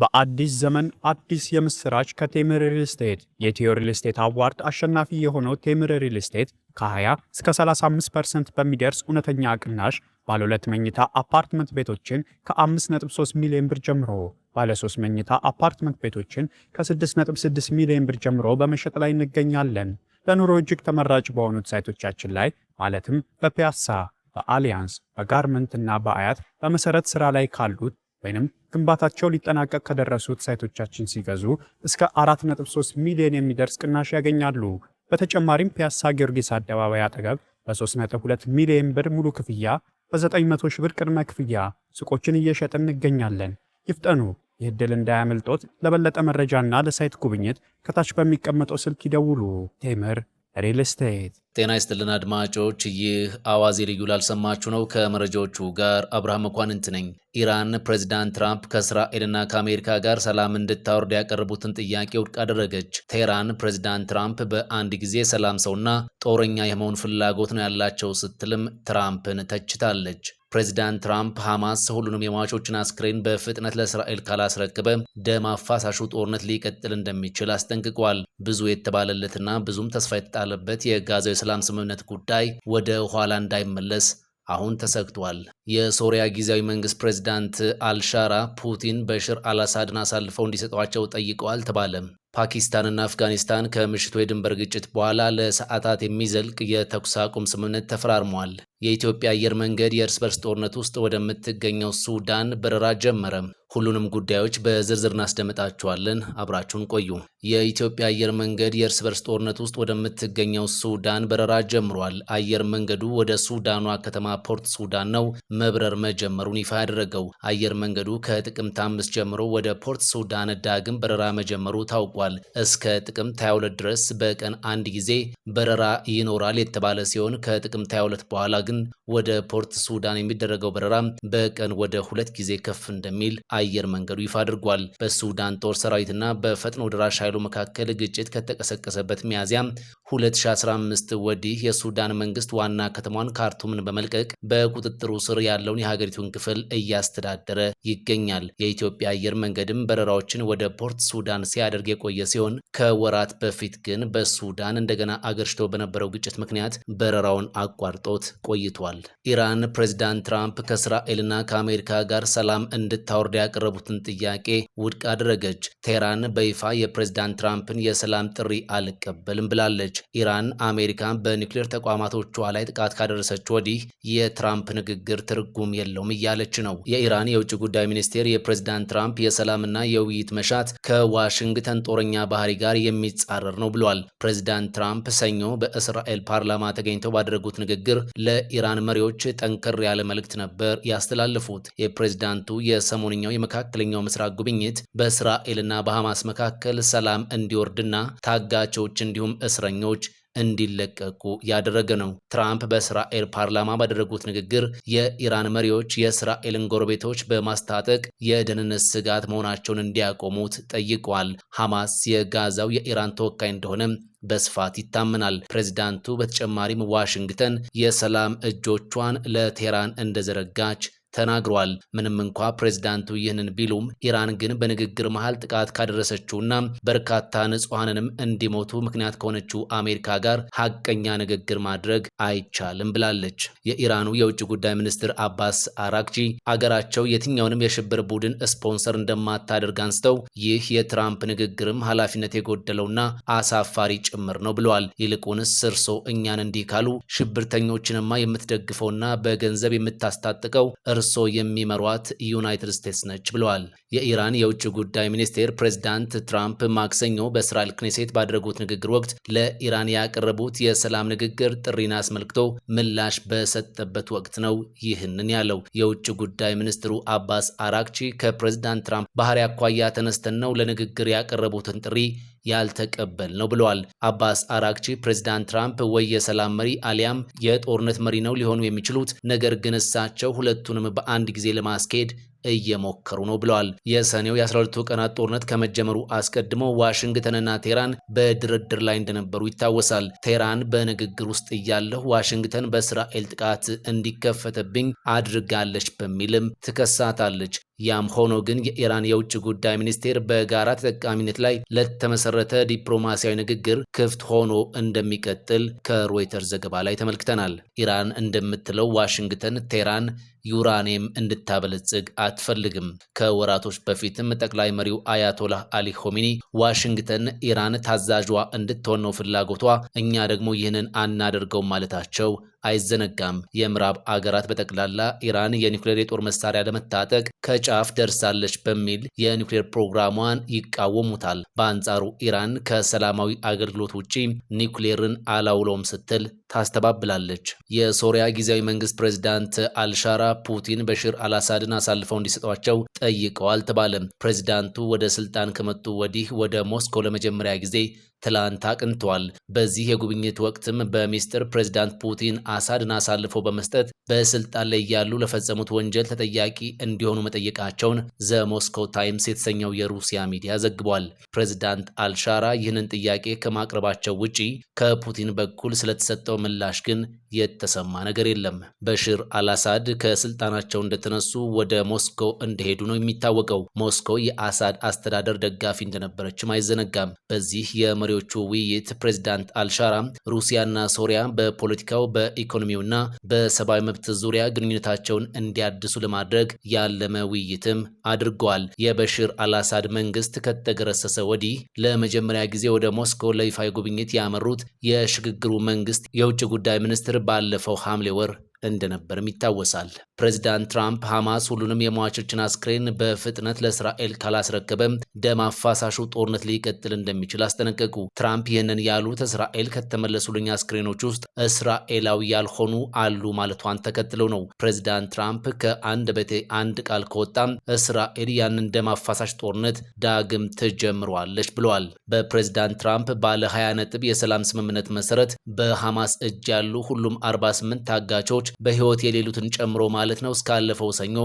በአዲስ ዘመን አዲስ የምስራች ከቴምር ሪል ስቴት የቴዮ ሪል ስቴት አዋርድ አሸናፊ የሆነው ቴምር ሪል ስቴት ከ20 እስከ 35% በሚደርስ እውነተኛ ቅናሽ ባለ ሁለት መኝታ አፓርትመንት ቤቶችን ከ5.3 ሚሊዮን ብር ጀምሮ ባለ 3 መኝታ አፓርትመንት ቤቶችን ከ6.6 ሚሊዮን ብር ጀምሮ በመሸጥ ላይ እንገኛለን። ለኑሮ እጅግ ተመራጭ በሆኑት ሳይቶቻችን ላይ ማለትም በፒያሳ፣ በአሊያንስ፣ በጋርመንት እና በአያት በመሰረት ስራ ላይ ካሉት ወይም ግንባታቸው ሊጠናቀቅ ከደረሱት ሳይቶቻችን ሲገዙ እስከ 4.3 ሚሊዮን የሚደርስ ቅናሽ ያገኛሉ። በተጨማሪም ፒያሳ ጊዮርጊስ አደባባይ አጠገብ በ3.2 ሚሊዮን ብር ሙሉ ክፍያ፣ በ900 ሺህ ብር ቅድመ ክፍያ ሱቆችን እየሸጥ እንገኛለን። ይፍጠኑ! ይህ ዕድል እንዳያመልጦት። ለበለጠ መረጃና ለሳይት ጉብኝት ከታች በሚቀመጠው ስልክ ይደውሉ። ቴምር ሪል ስቴት። ጤና ይስጥልን አድማጮች፣ ይህ አዋዜ ልዩ ላልሰማችሁ ነው። ከመረጃዎቹ ጋር አብርሃም መኳንንት ነኝ። ኢራን ፕሬዚዳንት ትራምፕ ከእስራኤልና ከአሜሪካ ጋር ሰላም እንድታወርድ ያቀረቡትን ጥያቄ ውድቅ አደረገች። ቴህራን ፕሬዚዳንት ትራምፕ በአንድ ጊዜ ሰላም ሰውና ጦረኛ የመሆን ፍላጎት ነው ያላቸው ስትልም ትራምፕን ተችታለች። ፕሬዚዳንት ትራምፕ ሐማስ ሁሉንም የሟቾችን አስክሬን በፍጥነት ለእስራኤል ካላስረክበ ደም አፋሳሹ ጦርነት ሊቀጥል እንደሚችል አስጠንቅቋል። ብዙ የተባለለትና ብዙም ተስፋ የተጣለበት የጋዛው የሰላም ስምምነት ጉዳይ ወደ ኋላ እንዳይመለስ አሁን ተሰግቷል። የሶሪያ ጊዜያዊ መንግስት ፕሬዚዳንት አልሻራ ፑቲን በሽር አልአሳድን አሳልፈው እንዲሰጧቸው ጠይቀዋል ተባለም። ፓኪስታንና አፍጋኒስታን ከምሽቱ የድንበር ግጭት በኋላ ለሰዓታት የሚዘልቅ የተኩስ አቁም ስምምነት ተፈራርሟል። የኢትዮጵያ አየር መንገድ የእርስ በርስ ጦርነት ውስጥ ወደምትገኘው ሱዳን በረራ ጀመረም። ሁሉንም ጉዳዮች በዝርዝር እናስደምጣችኋለን። አብራችሁን ቆዩ። የኢትዮጵያ አየር መንገድ የእርስ በርስ ጦርነት ውስጥ ወደምትገኘው ሱዳን በረራ ጀምሯል። አየር መንገዱ ወደ ሱዳኗ ከተማ ፖርት ሱዳን ነው መብረር መጀመሩን ይፋ ያደረገው። አየር መንገዱ ከጥቅምት አምስት ጀምሮ ወደ ፖርት ሱዳን ዳግም በረራ መጀመሩ ታውቋል። እስከ ጥቅምት 22 ድረስ በቀን አንድ ጊዜ በረራ ይኖራል የተባለ ሲሆን ከጥቅምት 22 በኋላ ግን ወደ ፖርት ሱዳን የሚደረገው በረራ በቀን ወደ ሁለት ጊዜ ከፍ እንደሚል አየር መንገዱ ይፋ አድርጓል። በሱዳን ጦር ሰራዊትና በፈጥኖ ድራሽ ኃይሉ መካከል ግጭት ከተቀሰቀሰበት ሚያዝያ 2015 ወዲህ የሱዳን መንግስት ዋና ከተማዋን ካርቱምን በመልቀቅ በቁጥጥሩ ስር ያለውን የሀገሪቱን ክፍል እያስተዳደረ ይገኛል። የኢትዮጵያ አየር መንገድም በረራዎችን ወደ ፖርት ሱዳን ሲያደርግ የቆየ ሲሆን ከወራት በፊት ግን በሱዳን እንደገና አገርሽቶ በነበረው ግጭት ምክንያት በረራውን አቋርጦት ቆይቷል። ኢራን ፕሬዚዳንት ትራምፕ ከእስራኤልና ከአሜሪካ ጋር ሰላም እንድታወርድ ያቀረቡትን ጥያቄ ውድቅ አደረገች። ቴህራን በይፋ የፕሬዚዳንት ትራምፕን የሰላም ጥሪ አልቀበልም ብላለች። ኢራን አሜሪካን በኒውክሌር ተቋማቶቿ ላይ ጥቃት ካደረሰች ወዲህ የትራምፕ ንግግር ትርጉም የለውም እያለች ነው። የኢራን የውጭ ጉዳይ ሚኒስቴር የፕሬዝዳንት ትራምፕ የሰላምና የውይይት መሻት ከዋሽንግተን ጦረኛ ባህሪ ጋር የሚጻረር ነው ብሏል። ፕሬዝዳንት ትራምፕ ሰኞ በእስራኤል ፓርላማ ተገኝተው ባደረጉት ንግግር ለኢራን መሪዎች ጠንከር ያለ መልእክት ነበር ያስተላለፉት። የፕሬዝዳንቱ የሰሞንኛው የመካከለኛው ምስራቅ ጉብኝት በእስራኤልና በሐማስ መካከል ሰላም እንዲወርድና ታጋቾች እንዲሁም እስረኞች እስረኞች እንዲለቀቁ ያደረገ ነው። ትራምፕ በእስራኤል ፓርላማ ባደረጉት ንግግር የኢራን መሪዎች የእስራኤልን ጎረቤቶች በማስታጠቅ የደህንነት ስጋት መሆናቸውን እንዲያቆሙት ጠይቋል። ሐማስ የጋዛው የኢራን ተወካይ እንደሆነም በስፋት ይታመናል። ፕሬዚዳንቱ በተጨማሪም ዋሽንግተን የሰላም እጆቿን ለቴህራን እንደዘረጋች ተናግሯል። ምንም እንኳ ፕሬዝዳንቱ ይህንን ቢሉም ኢራን ግን በንግግር መሃል ጥቃት ካደረሰችውና በርካታ ንጹሐንንም እንዲሞቱ ምክንያት ከሆነችው አሜሪካ ጋር ሀቀኛ ንግግር ማድረግ አይቻልም ብላለች። የኢራኑ የውጭ ጉዳይ ሚኒስትር አባስ አራግጂ አገራቸው የትኛውንም የሽብር ቡድን ስፖንሰር እንደማታደርግ አንስተው ይህ የትራምፕ ንግግርም ኃላፊነት የጎደለውና አሳፋሪ ጭምር ነው ብለዋል። ይልቁንስ እርሶ እኛን እንዲህ ካሉ ሽብርተኞችንማ የምትደግፈውና በገንዘብ የምታስታጥቀው እርስዎ የሚመሯት ዩናይትድ ስቴትስ ነች ብለዋል። የኢራን የውጭ ጉዳይ ሚኒስቴር ፕሬዚዳንት ትራምፕ ማክሰኞ በእስራኤል ክኔሴት ባደረጉት ንግግር ወቅት ለኢራን ያቀረቡት የሰላም ንግግር ጥሪን አስመልክቶ ምላሽ በሰጠበት ወቅት ነው ይህንን ያለው። የውጭ ጉዳይ ሚኒስትሩ አባስ አራክቺ ከፕሬዚዳንት ትራምፕ ባህሪ አኳያ ተነስተን ነው ለንግግር ያቀረቡትን ጥሪ ያልተቀበል ነው ብለዋል። አባስ አራክቺ ፕሬዚዳንት ትራምፕ ወይ የሰላም መሪ አሊያም የጦርነት መሪ ነው ሊሆኑ የሚችሉት፣ ነገር ግን እሳቸው ሁለቱንም በአንድ ጊዜ ለማስኬድ እየሞከሩ ነው ብለዋል። የሰኔው የ12ቱ ቀናት ጦርነት ከመጀመሩ አስቀድሞ ዋሽንግተንና ቴህራን በድርድር ላይ እንደነበሩ ይታወሳል። ቴህራን በንግግር ውስጥ እያለሁ ዋሽንግተን በእስራኤል ጥቃት እንዲከፈተብኝ አድርጋለች በሚልም ትከሳታለች። ያም ሆኖ ግን የኢራን የውጭ ጉዳይ ሚኒስቴር በጋራ ተጠቃሚነት ላይ ለተመሰረተ ዲፕሎማሲያዊ ንግግር ክፍት ሆኖ እንደሚቀጥል ከሮይተርስ ዘገባ ላይ ተመልክተናል። ኢራን እንደምትለው ዋሽንግተን ቴራን ዩራኒየም እንድታበለጽግ አትፈልግም። ከወራቶች በፊትም ጠቅላይ መሪው አያቶላህ አሊ ሆሚኒ ዋሽንግተን ኢራን ታዛዧ እንድትሆን ነው ፍላጎቷ፣ እኛ ደግሞ ይህንን አናደርገውም ማለታቸው አይዘነጋም። የምዕራብ አገራት በጠቅላላ ኢራን የኒውክሌር የጦር መሳሪያ ለመታጠቅ ከጫፍ ደርሳለች በሚል የኒውክሌር ፕሮግራሟን ይቃወሙታል። በአንጻሩ ኢራን ከሰላማዊ አገልግሎት ውጪ ኒውክሌርን አላውለውም ስትል ታስተባብላለች። የሶሪያ ጊዜያዊ መንግስት ፕሬዚዳንት አልሻራ ፑቲን በሽር አልአሳድን አሳልፈው እንዲሰጧቸው ጠይቀዋል ተባለም። ፕሬዚዳንቱ ወደ ስልጣን ከመጡ ወዲህ ወደ ሞስኮ ለመጀመሪያ ጊዜ ትላንት አቅንተዋል። በዚህ የጉብኝት ወቅትም በሚስጥር ፕሬዚዳንት ፑቲን አሳድን አሳልፈው በመስጠት በስልጣን ላይ ያሉ ለፈጸሙት ወንጀል ተጠያቂ እንዲሆኑ መጠየቃቸውን ዘ ታይምስ የተሰኘው የሩሲያ ሚዲያ ዘግቧል። ፕሬዚዳንት አልሻራ ይህንን ጥያቄ ከማቅረባቸው ውጪ ከፑቲን በኩል ስለተሰጠው ምላሽ ግን የተሰማ ነገር የለም። በሽር አልአሳድ ከስልጣናቸው እንደተነሱ ወደ ሞስኮ እንደሄዱ ነው የሚታወቀው። ሞስኮ የአሳድ አስተዳደር ደጋፊ እንደነበረችም አይዘነጋም። በዚህ የመሪዎቹ ውይይት ፕሬዚዳንት አልሻራ ሩሲያና ሶሪያ በፖለቲካው በ በኢኮኖሚውና በሰብአዊ መብት ዙሪያ ግንኙነታቸውን እንዲያድሱ ለማድረግ ያለመ ውይይትም አድርጓል። የበሽር አልአሳድ መንግስት ከተገረሰሰ ወዲህ ለመጀመሪያ ጊዜ ወደ ሞስኮ ለይፋዊ ጉብኝት ያመሩት የሽግግሩ መንግስት የውጭ ጉዳይ ሚኒስትር ባለፈው ሐምሌ ወር እንደነበርም ይታወሳል። ፕሬዚዳንት ትራምፕ ሐማስ ሁሉንም የሟቾችን አስክሬን በፍጥነት ለእስራኤል ካላስረከበም ደም አፋሳሹ ጦርነት ሊቀጥል እንደሚችል አስጠነቀቁ። ትራምፕ ይህንን ያሉት እስራኤል ከተመለሱልኝ አስክሬኖች ውስጥ እስራኤላዊ ያልሆኑ አሉ ማለቷን ተከትለው ነው። ፕሬዚዳንት ትራምፕ ከአንድ በቴ አንድ ቃል ከወጣም እስራኤል ያንን ደም አፋሳሽ ጦርነት ዳግም ትጀምረዋለች ብለዋል። በፕሬዚዳንት ትራምፕ ባለ 20 ነጥብ የሰላም ስምምነት መሰረት በሐማስ እጅ ያሉ ሁሉም 48 ታጋቾች ሰዎች በሕይወት የሌሉትን ጨምሮ ማለት ነው እስካለፈው ሰኞ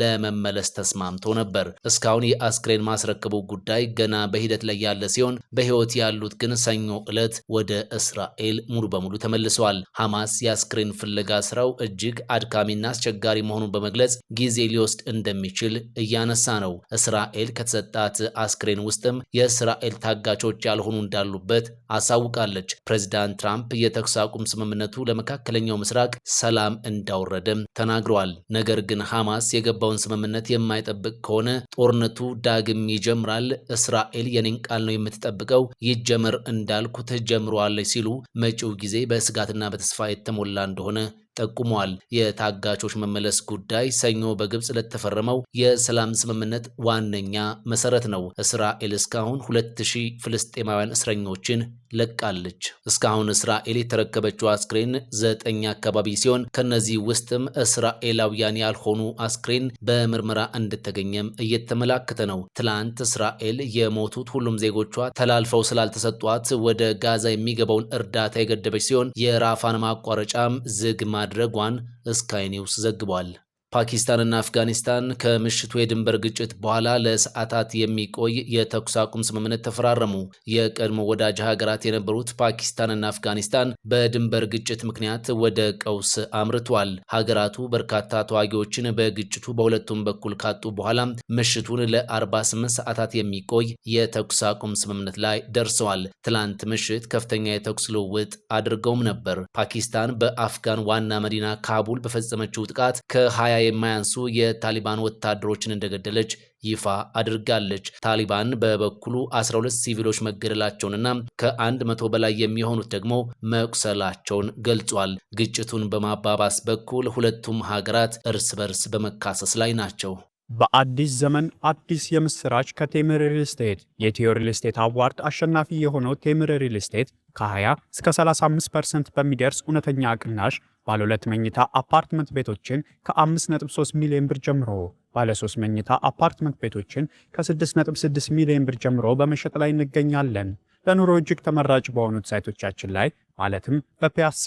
ለመመለስ ተስማምቶ ነበር። እስካሁን የአስክሬን ማስረከቡ ጉዳይ ገና በሂደት ላይ ያለ ሲሆን በሕይወት ያሉት ግን ሰኞ ዕለት ወደ እስራኤል ሙሉ በሙሉ ተመልሰዋል። ሐማስ የአስክሬን ፍለጋ ስራው እጅግ አድካሚና አስቸጋሪ መሆኑን በመግለጽ ጊዜ ሊወስድ እንደሚችል እያነሳ ነው። እስራኤል ከተሰጣት አስክሬን ውስጥም የእስራኤል ታጋቾች ያልሆኑ እንዳሉበት አሳውቃለች። ፕሬዚዳንት ትራምፕ የተኩስ አቁም ስምምነቱ ለመካከለኛው ምስራቅ ሰላም ሰላም እንዳወረደም ተናግረዋል። ነገር ግን ሐማስ የገባውን ስምምነት የማይጠብቅ ከሆነ ጦርነቱ ዳግም ይጀምራል። እስራኤል የኔን ቃል ነው የምትጠብቀው፣ ይጀምር እንዳልኩ ተጀምረዋለች ሲሉ መጪው ጊዜ በስጋትና በተስፋ የተሞላ እንደሆነ ጠቁመዋል። የታጋቾች መመለስ ጉዳይ ሰኞ በግብፅ ለተፈረመው የሰላም ስምምነት ዋነኛ መሰረት ነው። እስራኤል እስካሁን ሁለት ሺህ ፍልስጤማውያን እስረኞችን ለቃለች። እስካሁን እስራኤል የተረከበችው አስክሬን ዘጠኝ አካባቢ ሲሆን ከነዚህ ውስጥም እስራኤላውያን ያልሆኑ አስክሬን በምርመራ እንደተገኘም እየተመላከተ ነው። ትላንት እስራኤል የሞቱት ሁሉም ዜጎቿ ተላልፈው ስላልተሰጧት ወደ ጋዛ የሚገባውን እርዳታ የገደበች ሲሆን የራፋን ማቋረጫም ዝግማ ማድረጓን ስካይ ኒውስ ዘግቧል። ፓኪስታንና አፍጋኒስታን ከምሽቱ የድንበር ግጭት በኋላ ለሰዓታት የሚቆይ የተኩስ አቁም ስምምነት ተፈራረሙ። የቀድሞ ወዳጅ ሀገራት የነበሩት ፓኪስታንና አፍጋኒስታን በድንበር ግጭት ምክንያት ወደ ቀውስ አምርቷል። ሀገራቱ በርካታ ተዋጊዎችን በግጭቱ በሁለቱም በኩል ካጡ በኋላ ምሽቱን ለ48 ሰዓታት የሚቆይ የተኩስ አቁም ስምምነት ላይ ደርሰዋል። ትላንት ምሽት ከፍተኛ የተኩስ ልውውጥ አድርገውም ነበር። ፓኪስታን በአፍጋን ዋና መዲና ካቡል በፈጸመችው ጥቃት ከ20 የማያንሱ የታሊባን ወታደሮችን እንደገደለች ይፋ አድርጋለች። ታሊባን በበኩሉ 12 ሲቪሎች መገደላቸውንና ከአንድ መቶ በላይ የሚሆኑት ደግሞ መቁሰላቸውን ገልጿል። ግጭቱን በማባባስ በኩል ሁለቱም ሀገራት እርስ በርስ በመካሰስ ላይ ናቸው። በአዲስ ዘመን አዲስ የምስራች ከቴምር ሪል ስቴት የኢትዮ ሪል ስቴት አዋርድ አሸናፊ የሆነው ቴምር ሪል ስቴት ከ20 እስከ 35 ፐርሰንት በሚደርስ እውነተኛ ቅናሽ ባለ ሁለት መኝታ አፓርትመንት ቤቶችን ከ5.3 ሚሊዮን ብር ጀምሮ ባለ 3 መኝታ አፓርትመንት ቤቶችን ከ6.6 ሚሊዮን ብር ጀምሮ በመሸጥ ላይ እንገኛለን። ለኑሮ እጅግ ተመራጭ በሆኑት ሳይቶቻችን ላይ ማለትም በፒያሳ፣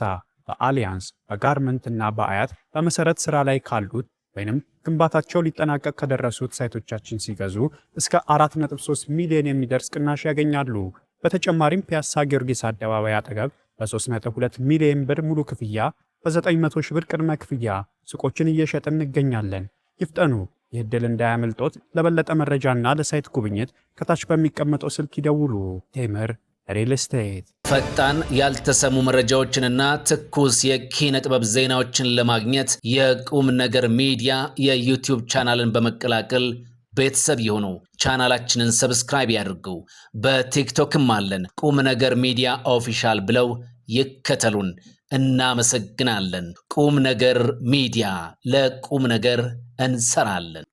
በአሊያንስ፣ በጋርመንት እና በአያት በመሰረት ስራ ላይ ካሉት ወይንም ግንባታቸው ሊጠናቀቅ ከደረሱት ሳይቶቻችን ሲገዙ እስከ 4.3 ሚሊዮን የሚደርስ ቅናሽ ያገኛሉ። በተጨማሪም ፒያሳ ጊዮርጊስ አደባባይ አጠገብ በ3.2 ሚሊዮን ብር ሙሉ ክፍያ በ900 ሺህ ብር ቅድመ ክፍያ ሱቆችን እየሸጥ እንገኛለን። ይፍጠኑ! ይህ ዕድል እንዳያመልጦት። ለበለጠ መረጃና ለሳይት ጉብኝት ከታች በሚቀመጠው ስልክ ይደውሉ። ቴምር ሪል ስቴት። ፈጣን ያልተሰሙ መረጃዎችንና ትኩስ የኪነ ጥበብ ዜናዎችን ለማግኘት የቁም ነገር ሚዲያ የዩቲዩብ ቻናልን በመቀላቀል ቤተሰብ የሆኑ ቻናላችንን ሰብስክራይብ ያድርጉ። በቲክቶክም አለን። ቁም ነገር ሚዲያ ኦፊሻል ብለው ይከተሉን። እናመሰግናለን። ቁም ነገር ሚዲያ ለቁም ነገር እንሰራለን።